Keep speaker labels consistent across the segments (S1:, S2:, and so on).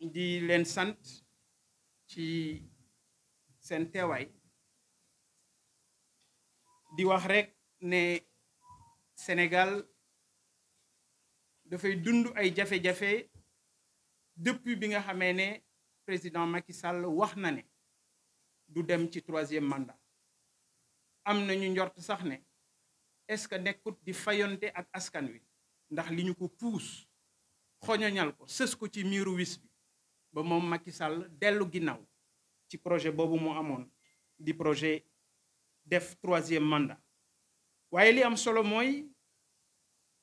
S1: di leen sant ci seen teewaay di wax rek ne Sénégal dafay dund ay jafe-jafe depuis bi nga xamee ne président Macky Sall wax na ne du dem ci troisième mandat am nañu njort sax ne est-ce que nekkut di fayonte ak askan wi ndax li ñu ko puus xoñoñal ko sës ko ci miiru wis bi ba moom Macky Sall dellu ginnaaw ci projet boobu mu amoon di projet def troisième mandat waaye li am solo mooy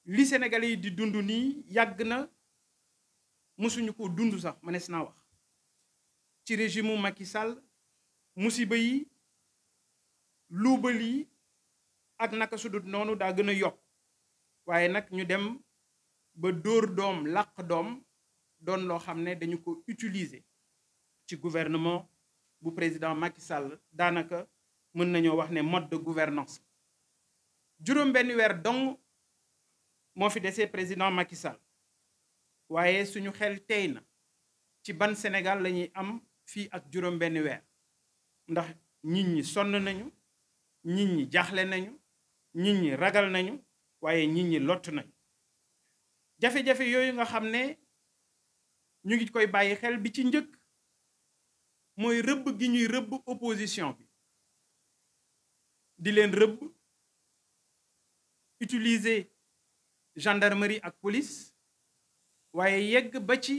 S1: li Sénégalais yi di dund nii yàgg na mësuñu ko dund sax mënees naa wax ci régime mu Macky Sall musiba yi luubal yi ak naka sudut noonu daa gën a yokk waaye nag ñu dem ba dóor doom làq doom doon loo xam ne dañu ko utiliser ci gouvernement bu président Macky Sall daanaka mën nañoo wax ne mode de gouvernance juróom benn weer dong moo fi desee président Macky Sall waaye suñu xel tey na ci ban Sénégal la ñuy am fii ak juróom benn weer ndax nit ñi sonn nañu nit ñi jaaxle nañu nit ñi ragal nañu waaye nit ñi lott nañu jafe-jafe yooyu nga xam ne ñu ngi koy bàyyi xel bi ci njëkk mooy rëbb gi ñuy rëbb opposition bi di leen rëbb utiliser gendarmerie ak police waaye yegg ba ci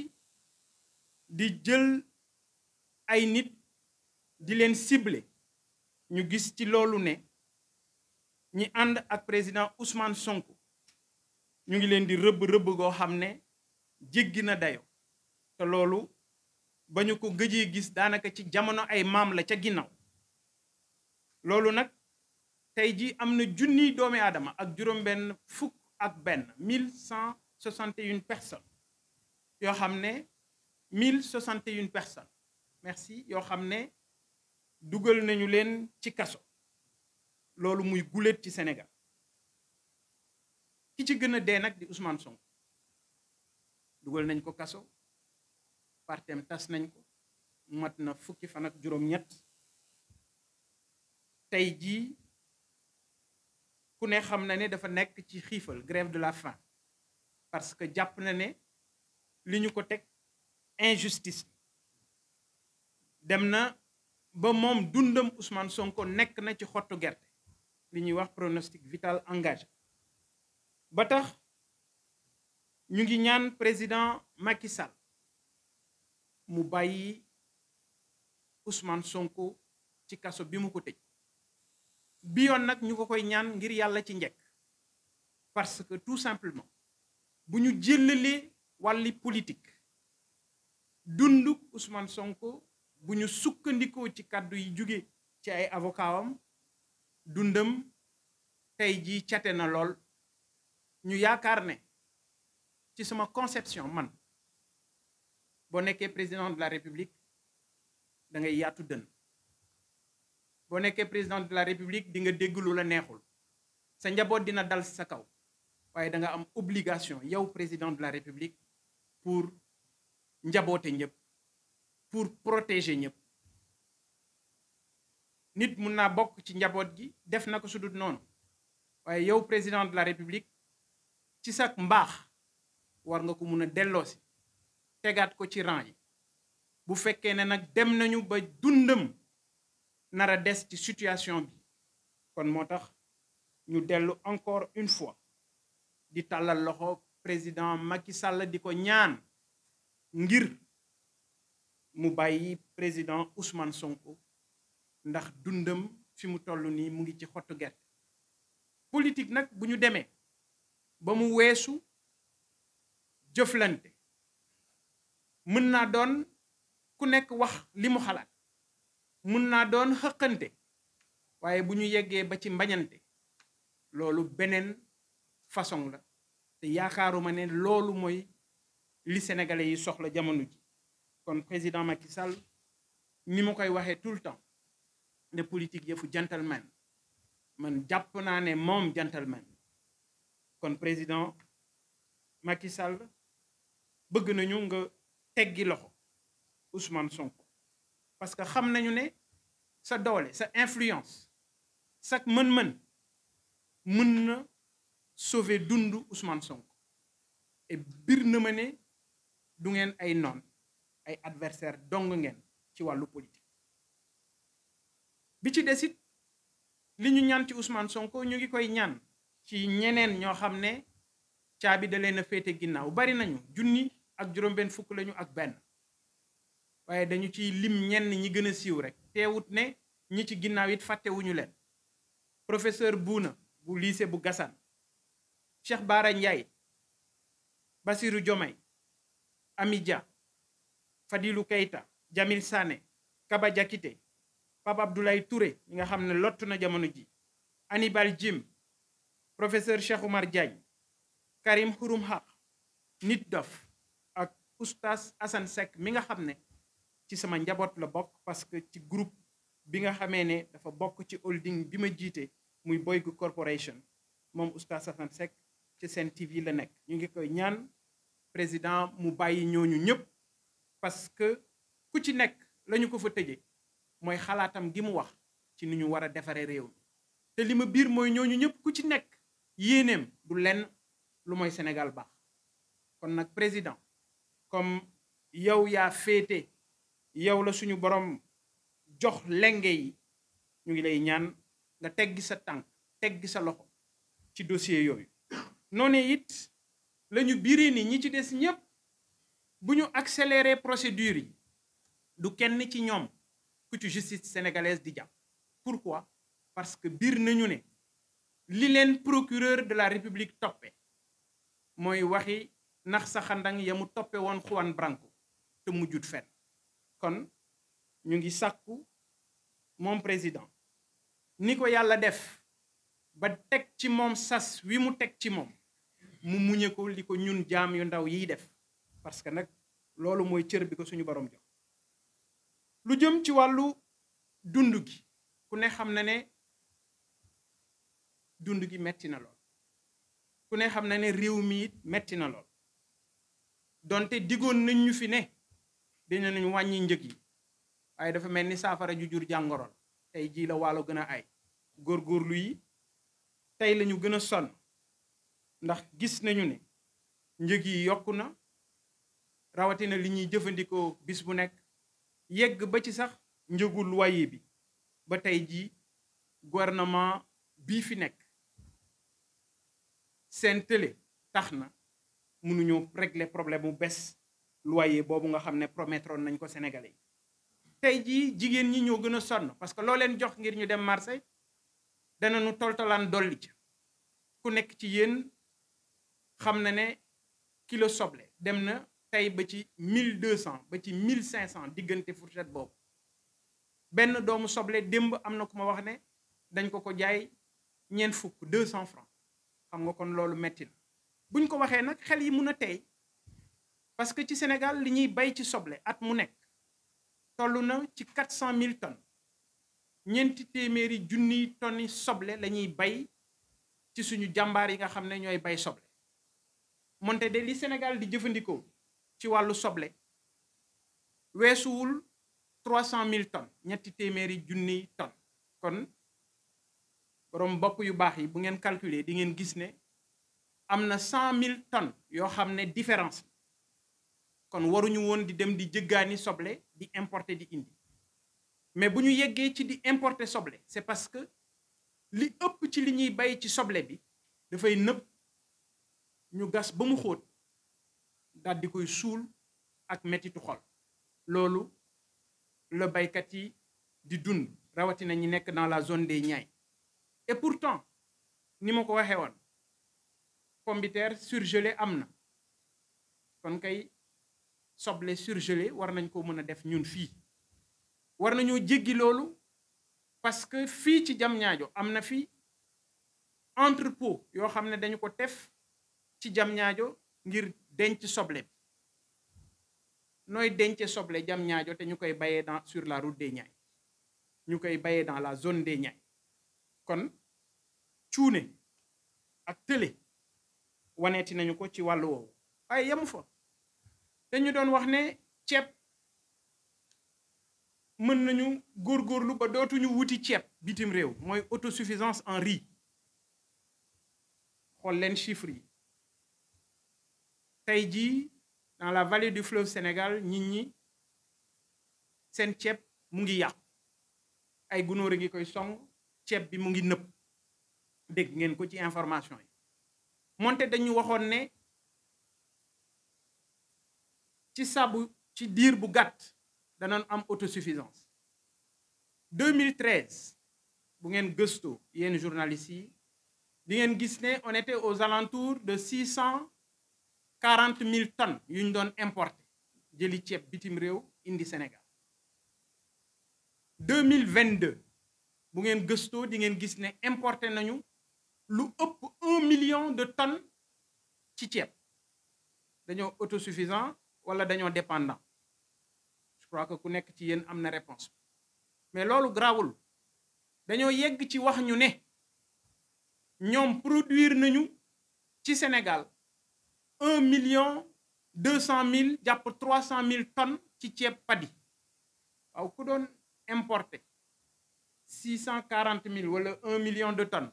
S1: di jël ay nit di leen cible ñu gis ci loolu ne ñi ànd ak président Ousmane Sonko ñu ngi leen di rëbb rëbb goo xam ne jéggi na dayo te loolu ba ñu ko gëjee gis daanaka ci jamono ay maam la ca ginnaaw loolu nag tey ji am na junniy doomi aadama ak juróom-benn fukk ak benn mille cent soixante et une personnes yoo xam ne mille soixante et une merci yoo xam ne dugal nañu leen ci kaso loolu muy guléet ci senegal ki ci gën a dee nag di Ousmane Sonko dugal nañ ko kaso partem tas nañ ko mat na fukki fan ak juróom-ñett tey jii ku ne xam na ne dafa nekk ci xiifal grève de la faim parce que jàpp na ne li ñu ko teg injustice dem na ba moom dundam Ousmane Sonko nekk na ci xottu gerte li ñuy wax pronostic vital engage ba tax ñu ngi ñaan président makisal mu bàyyi Ousmane Sonko ci kaso bi mu ko tëj bi yoon nag ñu koy ñaan ngir yàlla ci njëkk parce que tout simplement bu ñu jëllalee wàlli politik dunduk Ousmane Sonko bu ñu sukkandikoo ci kàddu yi jóge ci ay avocat dundam tey jii cate na lool ñu yaakaar ne ci sama conception man boo nekkee président de la république da ngay yaatu dën boo nekkee président de la république di nga dégg la neexul sa njaboot dina dal sa kaw waaye da nga am obligation yow président de la république pour njaboote ñëpp pour protéger ñëpp nit mun naa bokk ci njaboot gi def na ko sudut noonu waaye yow président de la république ci sa mbaax war nga ko mun a delloosi tegaat ko ci rang yi bu fekkee ne nag dem nañu ba dundam nar a des ci situation bi kon moo tax ñu dellu encore une fois di tàllal loxo président Macky Sall di ko ñaan ngir mu bàyyi président Ousmane Sonko ndax dundam fi mu toll nii mu ngi ci xottu gert politique nag bu ñu demee ba mu weesu jëflante mën naa doon ku nekk wax li mu xalaat mën naa doon xëqante waaye bu ñu yeggee ba ci mbañante loolu beneen façon la te yaakaaruma ne loolu mooy li sénégalais yi soxla jamono ji kon président Macky Sall ni ma koy waxee tout le temps ne politique yëfu gentleman man jàpp naa ne moom gentleman kon président Macky bëgg nañu nga teggi loxo Ousmane Sonko parce que xam nañu ne sa doole sa influence sa mën-mën mën na sauver dundu Ousmane Sonko et bir na ma ne du ngeen ay noon ay adversaire dong ngeen ci wàllu politique bi ci desit li ñu ñaan ci Ousmane Sonko ñu ngi koy ñaan ci ñeneen ñoo xam ne caabi da leen a féete ginnaaw bari nañu junni ak juróom fukk lañu ak benn waaye dañu ci lim ñenn ñi gën a siiw rek teewut ne ñi ci ginnaaw it fàttewuñu leen professeur buuna bu lycée bu gasan Cheikh Bara Ndiaye Bassirou Diomaye Ami Dia Fadilou Keita Jamil Sané Kaba Diakité Pape Abdoulaye Touré nga xam ne lott na jamono ji Hannibal Djim professeur Cheikh Oumar Diagne Karim Xurum Xaq Nit Dof oustaz Assane Seck mi nga xam ne ci sama njaboot la bokk parce que ci groupe bi nga xamee ne dafa bokk ci holding bi ma jiite muy Boygu Corporation moom oustaz Assane Seck ci Sen TV la nekk ñu ngi koy ñaan président mu bàyyi ñooñu ñëpp parce que ku ci nekk lañu ko fa tëjee mooy xalaatam gi mu wax ci ni ñu war a defaree réew mi te li ma biir mooy ñooñu ñëpp ku ci nekk yéeneem du lenn lu mooy Sénégal baax kon nag président comme yow yaa féete yow la suñu borom jox lenge yi ñu ngi lay ñaan nga teggi sa tànk teggi sa loxo ci dossier yooyu noone it lañu biri ni ñi ci des ñépp bu ñu accélérer procédure yi du kenn ci ñoom ku ci justice sénégalaise di jàpp pourquoi parce que biir nañu ne li leen procureur de la république toppe mooy waxi ndax sa xandang ya mu toppe woon Juan Branco te mujjut fet kon ñu ngi sàkku moom président ni ko yàlla def ba teg ci moom sas wi mu teg ci moom mu muñe ko li ko ñun jaam yu ndaw yiy def parce que nag loolu mooy cër bi ko suñu borom jox lu jëm ci wàllu dund gi ku ne xam na ne dund gi metti na lool ku ne xam na ne réew mi it metti na lool donte diggoon nañ ñu fi ne dina nañu wàññi njëg yi waaye dafa mel ni saafara ju jur jàngoroon tey jii la waalo gën a ay góorgóorlu yi tey lañu gën a sonn ndax gis nañu ne njëg yi yokku na rawatina li ñuy jëfandikoo bis bu nekk yegg ba ci sax njëgul loyer bi ba tey jii gouvernement bii fi nekk seen télé tax na mënuñu régler problème mu bés loyer boobu nga xam ne promettroon nañ ko Sénégalais yi. tey jii jigéen ñi ñoo gën a sonn parce que loo leen jox ngir ñu dem marché dana nu toltolaan dolli ci ku nekk ci yéen xam na ne kilo soble dem na tey ba ci 1200 ba ci mille cinq 1500 diggante fourchette boobu. benn doomu soble démb am na ku ma wax ne dañ ko ko jaay ñeent fukk 200 francs xam nga kon loolu metti na buñ ko waxee nag xel yi mun a tey parce que ci Sénégal li ñuy bay ci soble at mu nekk toll na ci quatre cent mille tonnes ñeenti téeméeri junniy tonni soble la ñuy bay ci suñu jàmbaar yi nga xam ne ñooy bay soble moonte de li Sénégal di jëfandikoo ci wàllu soble weesuwul trois cent mille tonnes ñetti téeméeri junniy tonnes kon borom bopp yu baax yi bu ngeen calculer di ngeen gis ne am na cent mille tonnes yoo xam ne différence kon waruñu woon di dem di jëggaani soble di importer di indi mais bu ñu yeggee ci di importer soble c'est parce que li ëpp ci li ñuy bay ci soble bi dafay nëb ñu gas ba mu xóot daal di koy suul ak mettitu xol loolu la baykat yi di dund rawatina ñi nekk dans la zone des Niayes et pourtant ni ma ko waxee woon pombiteer surgelé am na kon kay soble surgelé war nañ ko mën a def ñun fii war nañoo jéggi loolu parce que fii ci jam ñaajo am na fi entrepôt yoo xam ne dañu ko def ci jam ñaajo ngir denc soble bi nooy denc soble jam ñaajo te ñu koy bayee dans sur la route des Niayes ñu koy bayee dans la zone des Niayes kon cuune ak tële waneeti nañu ko ci wàllu woowu waaye yemu fa dañu doon wax ne ceeb mën nañu góor góorlu ba dootuñu wuti ceeb bitim réew mooy autosuffisance en riz xool leen chiffres yi tey jii dans la vallée du fleuve Sénégal nit ñi seen ceeb mu ngi yàqu ay gunóor a ngi koy song ceeb bi mu ngi nëpp dégg ngeen ko ci information yi moonte dañu waxoon ne ci sabu ci diir bu gàtt danañ am autosuffisance 2013 bu ngeen gëstoo yéen journalistes yi di ngeen gis ne on était aux alentours de six cent quarante mille tonnes yu ñu doon importé jëli ceeb bitim réew indi Sénégal 2022 bu ngeen gëstoo di ngeen gis ne importé nañu lu ëpp un million de tonnes ci ceeb dañoo auto suffisant wala dañoo dépendant je crois que ku nekk ci yéen am na réponse mais loolu grawul dañoo yegg ci wax ñu ne ñoom produire nañu ci Sénégal un million deux cent mille jàpp trois cent mille tonnes ci ceeb padi waaw ku doon importer six cent quarante mille wala un million de tonnes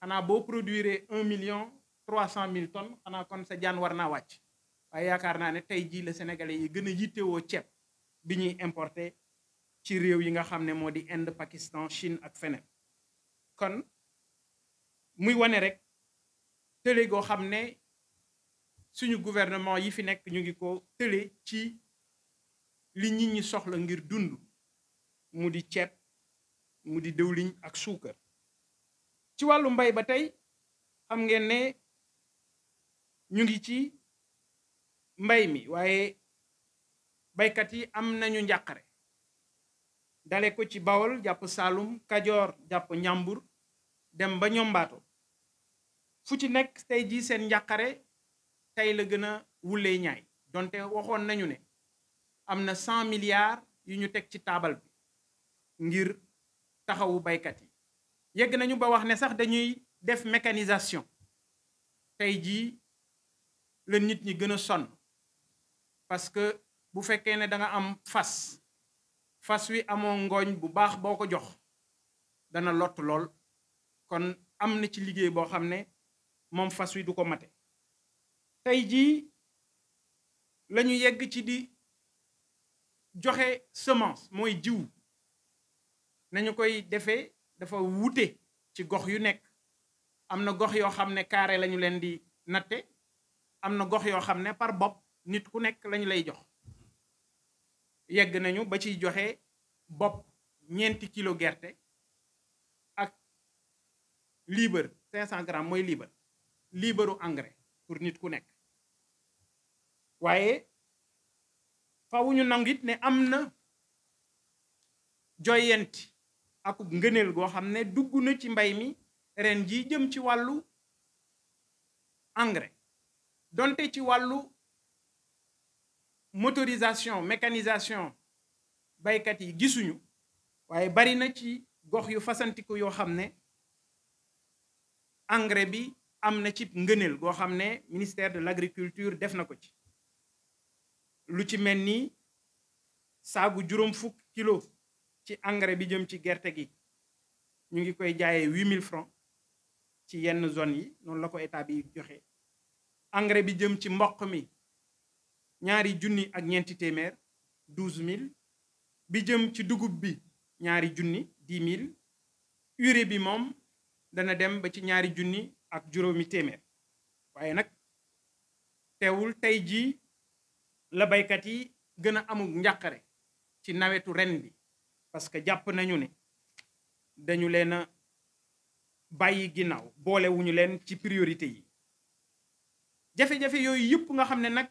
S1: xanaa boo produire un million trois cent mille tonnes xanaa kon sa jaan war naa wàcc waaye yaakaar naa ne tey jii la sénégalais yi gën a yittewoo ceeb bi ñuy importer ci réew yi nga xam ne moo di Inde Pakistan Chine ak feneen kon muy wane rek tële goo xam ne suñu gouvernement yi fi nekk ñu ngi ko tële ci li nit ñi soxla ngir dund mu di ceeb mu di dëwliñ ak suukar ci wàllu mbay ba tey xam ngeen ne ñu ngi ci mbay mi waaye baykat yi am nañu njàqare dale ko ci Bawol jàpp Saalum Kajoor jàpp Njàmbur dem ba ñombaato fu ci nekk tey jii seen njàqare tey la gën a wulee ñaay donte waxoon nañu ne am na cent milliards yu ñu teg ci taabal bi ngir taxawu baykat yi yegg nañu ba wax ne sax dañuy def mécanisation tey jii la nit ñi gën a sonn parce que bu fekkee ne danga am fas fas wi amoo ngooñ bu baax boo ko jox dana lott lool kon am na ci liggéey boo xam ne moom fas wi du ko mate tey jii lañu yegg ci di joxe semence mooy jiw nañu koy defee dafa wute ci gox yu nekk am na gox yoo xam ne carré lañu leen di natte am na gox yoo xam ne par bopp nit ku nekk lañu lay jox yegg nañu ba ci joxe bopp ñeenti kilo gerte ak liibar cinq cent grammes mooy liibar liibaru engrais pour nit ku nekk waaye fawuñu nangu it ne am na joyenti akub ngëneel goo xam ne dugg na ci mbay mi ren ji jëm ci wàllu engrais donte ci wàllu motorisation mécanisation baykat yi gisuñu waaye bari na ci gox yu fasantiku yoo xam ne engrais bi am na ci ngëneel goo xam ne ministère de l'agriculture def na ko ci lu ci mel ni saagu juróom fukk kilo ci engrais bi jëm ci gerte gi ñu ngi koy jaayee huit mille francs ci yenn zone yi noonu la ko état bi joxe engrais bi jëm ci mboq mi ñaari junni ak ñeenti téeméer douze mille bi jëm ci dugub bi ñaari junni dix mille urée bi moom dana dem ba ci ñaari junni ak juróomi téeméer waaye nag teewul tey jii la baykat yi gën a amul njàqare ci nawetu ren bi parce que jàpp nañu ne dañu leen a bàyyi ginnaaw boolewuñu leen ci priorité yi jafe-jafe yooyu yëpp nga xam ne nag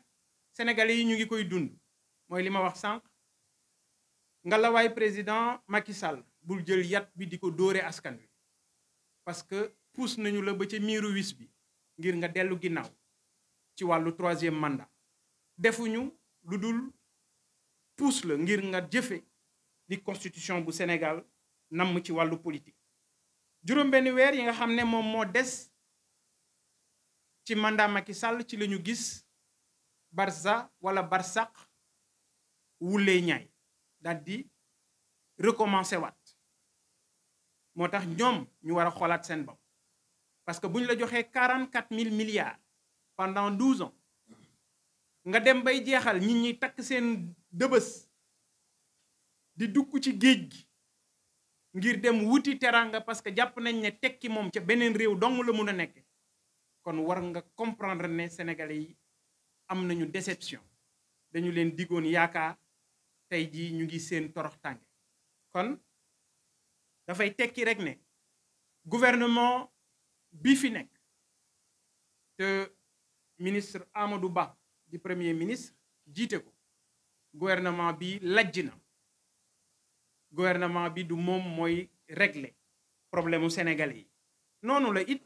S1: sénégalais yi ñu ngi koy dund mooy li ma wax sànq nga la waay président Macky Sall bul jël yat bi di ko dóore askan wi parce que pousse nañu la ba ca miiru wis bi ngir nga dellu ginnaaw ci wàllu troisième mandat defuñu lu dul pousse la ngir nga jëfe li constitution bu Sénégal namm ci wàllu politique juróom-benn weer yi nga xam ne moom moo des ci mandat sàll ci la ñu gis barsa wala Barsaq wulee ñaay daal di recommencer waat moo tax ñoom ñu war a xoolaat seen bopp parce que buñ la joxee quarante quatre mille milliards pendant douze ans nga dem bay jeexal nit ñi takk seen dëbës di dugg ci géej gi ngir dem wuti teranga parce que jàpp nañ ne tekki moom ca beneen réew dong la mun a nekk kon war nga comprendre ne sénégalais yi am nañu déception dañu leen diggoon yaakaar tey jii ñu ngi seen torox kon dafay tekki rek ne gouvernement bi fi nekk te ministre Amadou Ba di premier ministre jiite ko gouvernement bi lajj na gouvernement bi du moom mooy régler problème mu sénégalais yi noonu la it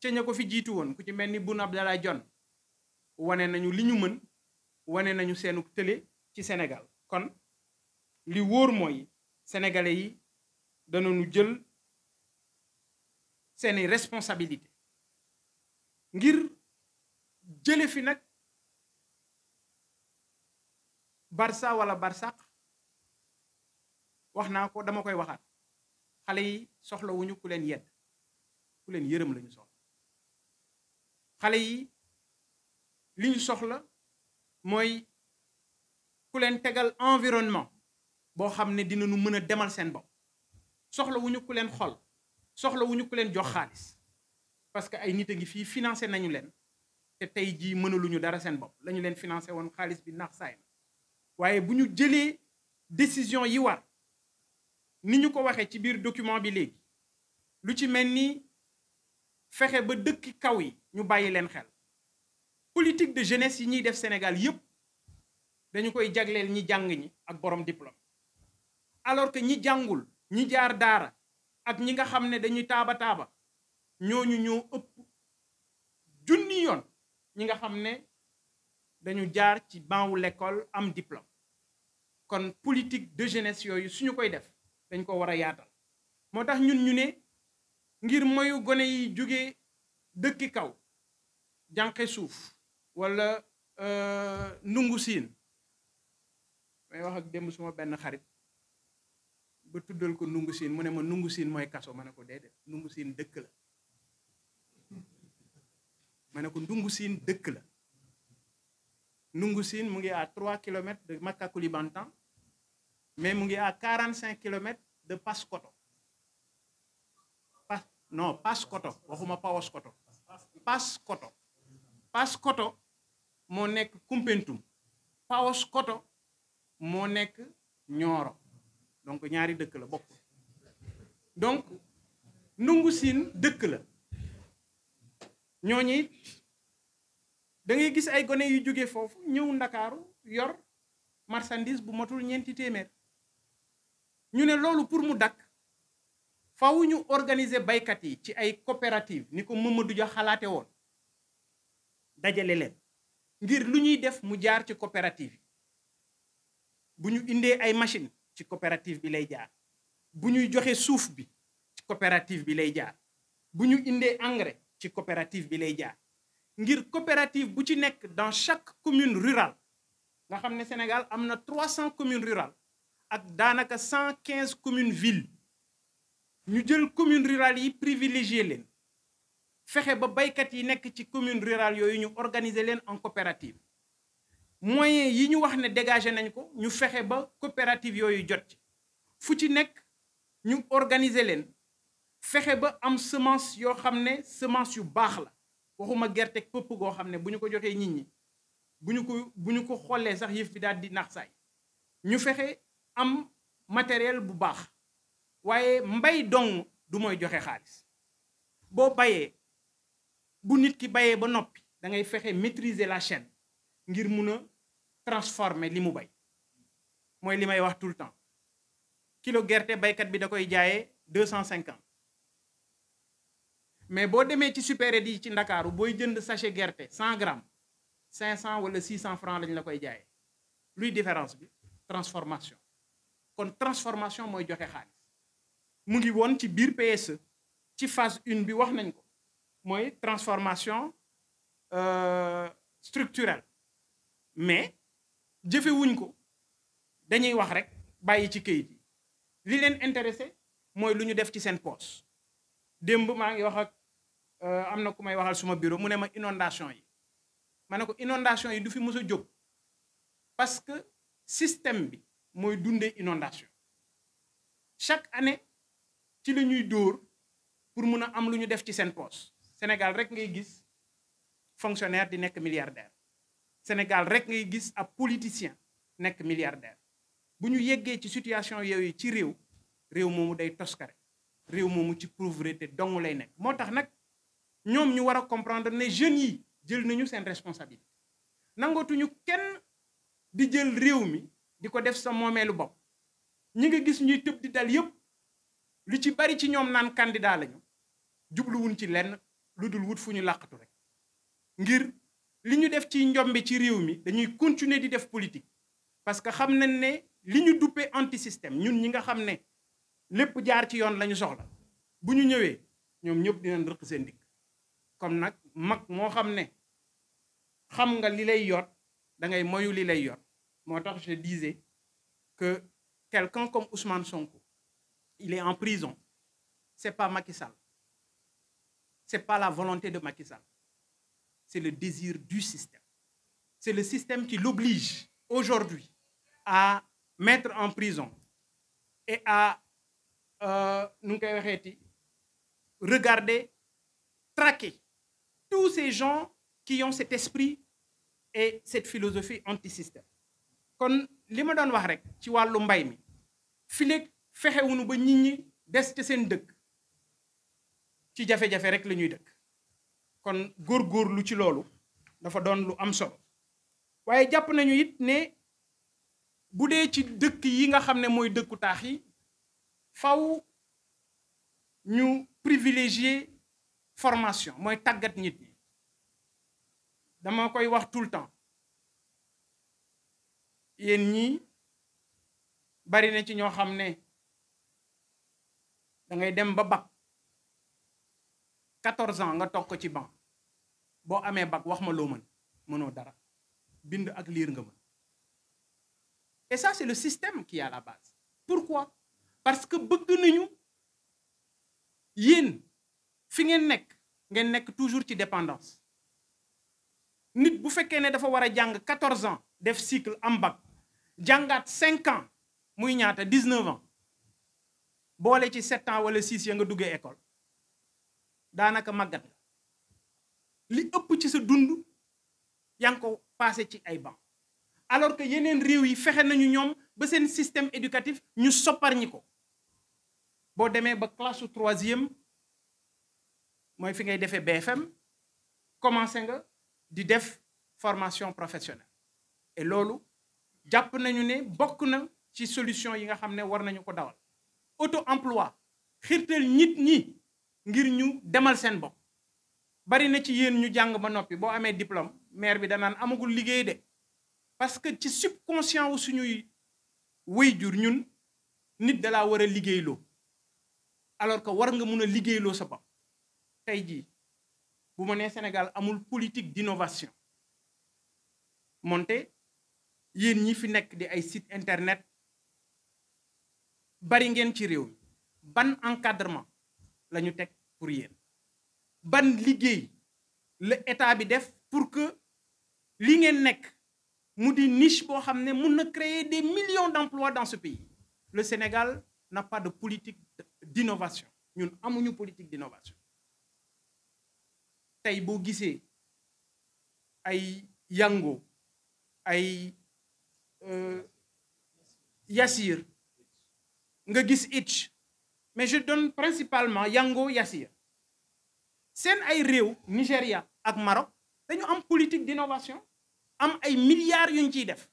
S1: ca ña ko fi jiitu woon ku ci mel ni bu Boun Abdallah Dionne wane nañu li ñu mën wane nañu seenu tële ci Sénégal kon li wóor mooy sénégalais yi danañu jël seeni responsabilité ngir jële fi nag Barça wala Barsaq wax naa ko dama koy waxaat xale yi soxlawuñu ku leen yedd ku leen yërëm lañu soxla xale yi li ñu soxla mooy ku leen tegal environnement boo xam ne dinañu mën a demal seen bopp soxlawuñu ku leen xol soxlawuñu ku leen jox xaalis parce que ay nit a ngi fii financé nañu leen te tey jii mënaluñu dara seen bopp lañu leen financé woon xaalis bi naax saay na waaye bu ñu jëlee décision yi war ni ñu ko waxee ci biir document bi léegi lu ci mel ni fexe ba dëkki kaw yi ñu bàyyi leen xel politique de jeunesse yi ñuy def Sénégal yépp dañu koy jagleel ñi jàng ñi ak borom diplôme alors que ñi jàngul ñi jaar daara ak ñi nga xam ne dañuy taaba taaba ñooñu ñoo ëpp junni yoon ñi nga xam ne dañu jaar ci banwu l'école am diplôme kon politique de jeunesse yooyu suñu koy def dañ ko war a yaatal moo tax ñun ñu ne ngir moyu gone yi jóge dëkki kaw jànqe suuf wala euh, ndungu siin may wax ak démb suma benn xarit ba tuddal ko ndungu siin mu ne ma ndungu siin mooy kaso ma ne ko déedéet ndungu siin dëkk la ma ne ko ndungu siin dëkk la ndungu siin mu ngi à 3 kilomètres de Makka Koulibantang mais mu ngi à cinq kilomètres de Paskoto pas non Paskoto waxuma Paoskoto Paskoto Paskoto moo nekk Kumpentum Paoskoto moo nekk ñooro donc ñaari dëkk la bokk donc Ndungu Siin dëkk la ñooñi it da ngay gis ay gone yu jóge foofu ñëw ndakaaru yor marchandise bu matul ñeenti téeméer ñu ne loolu pour mu dakk faw ñu organiser baykat yi ci ay coopérative ni ko Mamadou Dia xalaate woon dajale leen ngir lu ñuy def mu jaar ci coopérative yi bu ñu indee ay machine ci coopérative bi lay jaar bu ñuy joxe suuf bi ci coopérative bi lay jaar bu ñu indee engrais ci coopérative bi lay jaar ngir coopérative bu ci nekk dans chaque commune rural nga xam ne Sénégal am na trois 300 commune rural ak daanaka cent quinze communes villes ñu jël commune rurales yi privilégié leen fexe ba baykat yi nekk ci commune rurale yooyu ñu organiser leen en coopérative moyens yi ñu wax ne dégagé nañ ko ñu fexe ba coopérative yooyu jot ci fu ci nekk ñu organiser leen fexe ba am semence yoo xam ne semence yu baax la waxuma gerte pëpp goo xam ne bu ñu ko joxee nit ñi bu ñu ko bu ñu ko xoolee sax yëf bi daal di nax saay ñu fexe am matériel bu baax waaye mbay dong du mooy joxe xaalis boo bayee bu nit ki bayee ba noppi da ngay fexe maîtriser la chaine ngir mun a transformer li mu bay mooy li may wax tout le temps kilo gerte baykat bi da koy jaayee deux cent cinquante mais boo demee ci supérette yi ci ndakaaru booy jënd sachet gerte cent grammes cinq cent wala six cent francs lañ la koy jaayee luy différence bi transformation kon transformation mooy joxe xaalis mu ngi woon ci biir PSE ci phase une bi wax nañ ko mooy transformation euh, structurelle mais jëfewuñ ko dañuy wax rek bàyyi ci këyit yi li leen intéressé mooy lu ñu def ci seen poche démb maa ngi wax ak euh, am na ku may waxal suma bureau mu ne ma inondation yi ma ne ko inondation yi du fi mës a jóg parce que système bi mooy dundee inondation chaque année ci la ñuy dóor pour mun a am lu ñu def ci seen poche Sénégal rek ngay gis fonctionnaire di nekk milliardaire Sénégal rek ngay gis ab politicien nekk milliardaire bu ñu yeggee ci situation yooyu ci réew réew moomu day toskare réew moomu ci pauvreté dong lay nekk moo tax nag ñoom ñu war a comprendre ne jeunes yi jël nañu seen responsabilité nangootuñu kenn di jël réew mi di ko def sa moomeelu bopp ñi nga gis ñuy tëb di dal yépp lu ci bari ci ñoom naan candidat lañu jubluwuñ ci lenn lu dul wut fu ñu làqatu rek ngir li ñu def ci njombi ci réew mi dañuy continuer di def politique parce que xam nañ ne li ñu duppee anti système ñun ñi nga xam ne lépp jaar ci yoon la ñu soxla bu ñu ñëwee ñoom ñëpp dinañ rëq seen dikk comme nag mag moo xam ne xam nga li lay yoot da ngay moyu li lay yoot moo tax je disais que quelqu'un comme Ousmane Sonko il est en prison c'est pas Macky Sall c'est pas la volonté de Macky Sall c'est le désir du système c'est le système qui l'oblige aujourd'hui à mettre en prison et à euh, nu ngi koy waxeeti regarder traquer tous ces gens qui ont cet esprit et cette philosophie antisystème kon li ma doon wax rek ci wàllu mbay mi fileeg fexewunu ba nit ñi des ca seen dëkk ci jafe-jafe rek la ñuy dëkk kon góor góorgóorlu ci loolu dafa doon lu am solo waaye jàpp nañu it ne bu dee ci dëkk yi nga xam ne mooy dëkku taax yi faw ñu privilégier formation mooy tàggat nit ñi dama koy wax tout le temps yéen ñii bari na ci ñoo xam ne da ngay dem ba bac quatorze ans nga toog ko ci banc boo amee bac wax ma loo mën mënoo dara bind ak liir nga mën et ça c'est le système qui est à la base pourquoi parce que bëgg nañu yéen fi ngeen nekk ngeen nekk toujours ci dépendance nit bu fekkee ne dafa war a jàng quatorze ans def cycle am bac jàngaat cinq ans muy ñaata dix-neuf ans boole ci sept ans wala six ya nga duggee école daanaka màggat la li ëpp ci sa dund yaa ngi ko passé ci ay banc alors que yeneen réew yi fexe nañu ñoom ba seen système éducatif ñu sopparñi ko boo demee ba classe su troisième mooy fi ngay defee BFM commencé nga di def formation professionnelle et loolu jàpp nañu ne bokk na ci solution yi nga xam ne war nañu ko dawal auto emploi xirtal nit ñi ngir ñu demal seen bopp bari na ci yéen ñu jàng ba noppi boo amee diplôme maire bi danaan amagul liggéey de parce que ci subconscient wu suñuy waajur ñun nit dalaa war a liggéeyloo alors que war nga mun a liggéeyloo sa bopp tey jii bu ma nee Sénégal amul politique d'innovation monte yéen ñi fi nekk di ay site internet bari ngeen ci réew mi ban encadrement la ñu teg pour yéen ban liggéey la état bi def pour que li ngeen nekk mu di niche boo xam ne mun na créer des millions d'emplois dans ce le Sénégal n'a de politique d'innovation ñun amuñu politique d'innovation tey boo gisee ay yango ay Euh, Yassir nga gis Itch mais je donne principalement Yango Yassir seen ay réew Nigéria ak Maroc dañu am politique d'innovation am ay milliards yuñ ciy def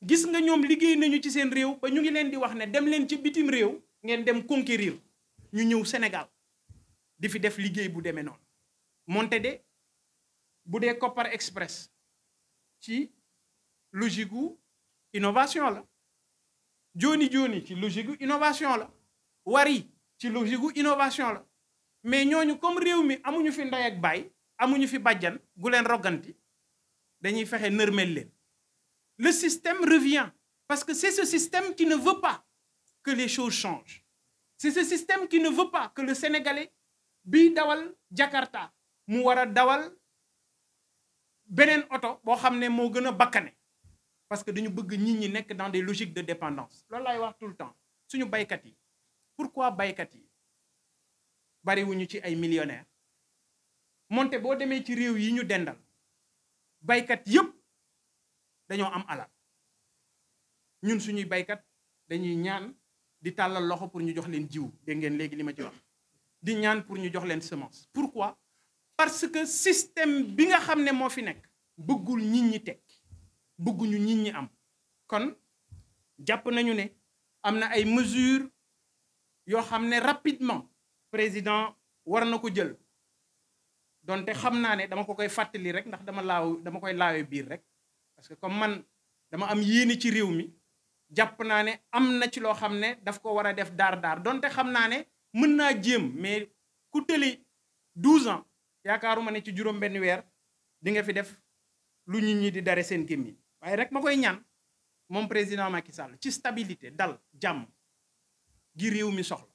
S1: gis nga ñoom liggéey nañu ci seen réew ba ñu ngi leen di wax ne dem leen ci bitim réew ngeen dem conquérir ñu ñëw Sénégal di fi def liggéey bu demee noonu de bu dee Copper Express ci logique gu innovation la jooni jooni ci logique gu innovation la wari ci logique gu innovation la mais ñooñu comme réew mi amuñu fi ndey ak baay amuñu fi bàjjan gu leen roganti dañuy fexe nërmel leen le système revient parce que c'est ce système qui ne veut pas que système qui ne veut pas que le sénégalais bii dawal Jakarta mu war a dawal beneen oto boo xam ne moo gën a bakkane parce que dañu bëgg nit ñi nekk dans des logiques de dépendance loolu laay wax tout le temps suñu baykat yi pourquoi baykat yi bariwuñu ci ay millionnaires moonte boo demee ci réew yi ñu dendal baykat yëpp dañoo am alal ñun suñuy baykat dañuy ñaan di tàllal loxo pour ñu jox leen jiw dégg ngeen léegi li ma ci wax di ñaan pour ñu jox leen semence pourquoi parce que système bi nga xam ne moo fi nekk bëggul nit ñi teg bëgguñu nit ñi am kon jàpp nañu ne am na ay mesures yoo xam ne rapidement président war na ko jël donte xam naa ne dama ko koy fàttali rek ndax dama laaw dama koy laawe biir rek parce que comme man dama am yéene ci réew mi jàpp naa ne am na ci loo xam ne daf ko war a def daar daar donte xam naa ne mën naa jéem mais ku tëli 12 ans yaakaaruma ne ci juróom benn weer di nga fi def lu nit ñi di dare seen gémmiñ waaye rek ma koy ñaan moom président Macky Sall ci stabilité dal jàmm gi réew mi soxla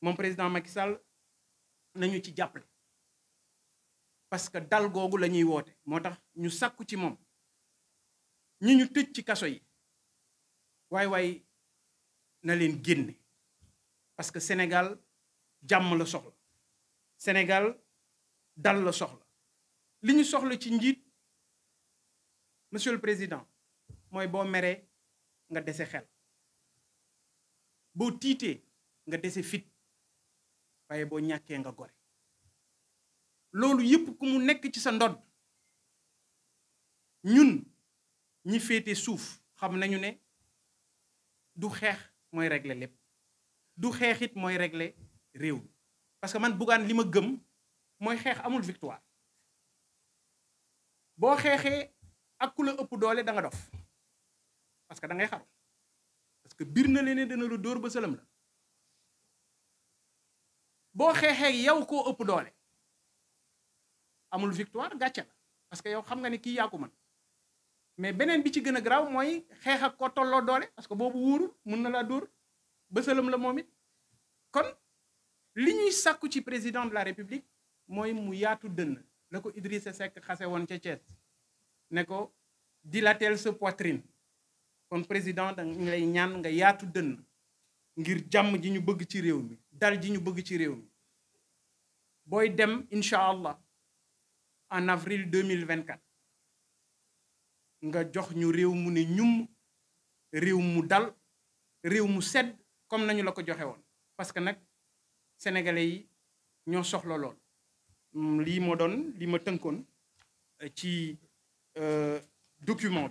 S1: moom président Macky Sall nañu ci jàppale. parce que dal googu la ñuy woote moo tax ñu sàkku ci moom ñi ñu tëj ci kaso yi waaye waaye na leen génne parce que Sénégal jàmm la soxla Sénégal dal la soxla li ñu soxla ci njiit. monsieur le président mooy boo meree nga dese xel boo tiitee nga dese fit waaye boo ñàkkee nga gore loolu yépp ku mu nekk ci sa ndodd ñun ñi féete suuf xam nañu ne du xeex mooy regle lépp du xeexit mooy regle réew mi parce que man Bougane li ma gëm mooy xeex amul victoire boo xeexee ak ku la ëpp doole danga dof parce que da ngay xaru parce que biir na leen ne dóor ba sëlam la boo xeexee yow koo ëpp doole amul victoire gàcce la parce que yow xam nga ne kii yaa man mais beneen bi ci gën a garaaw mooy xeex ko tolloo doole parce que boobu wóorul mun na laa dóor ba sëlëm la moom it kon li ñuy sàkku ci président de la république mooy mu yaatu dënn la ko Idrissa Seck xase woon ca Thiès ne ko dilatel sa poitrine kon président da nga lay ñaan nga yaatu dënn ngir jàmm ji ñu bëgg ci réew mi dal ji ñu bëgg ci réew mi booy dem incha allah en avril 2024 nga jox ñu réew mu ne ñum réew mu dal réew mu sedd comme nañu la ko joxe woon parce que nag sénégalais yi ñoo soxla lool lii moo doon lii ma tënkoon ci Euh, document bi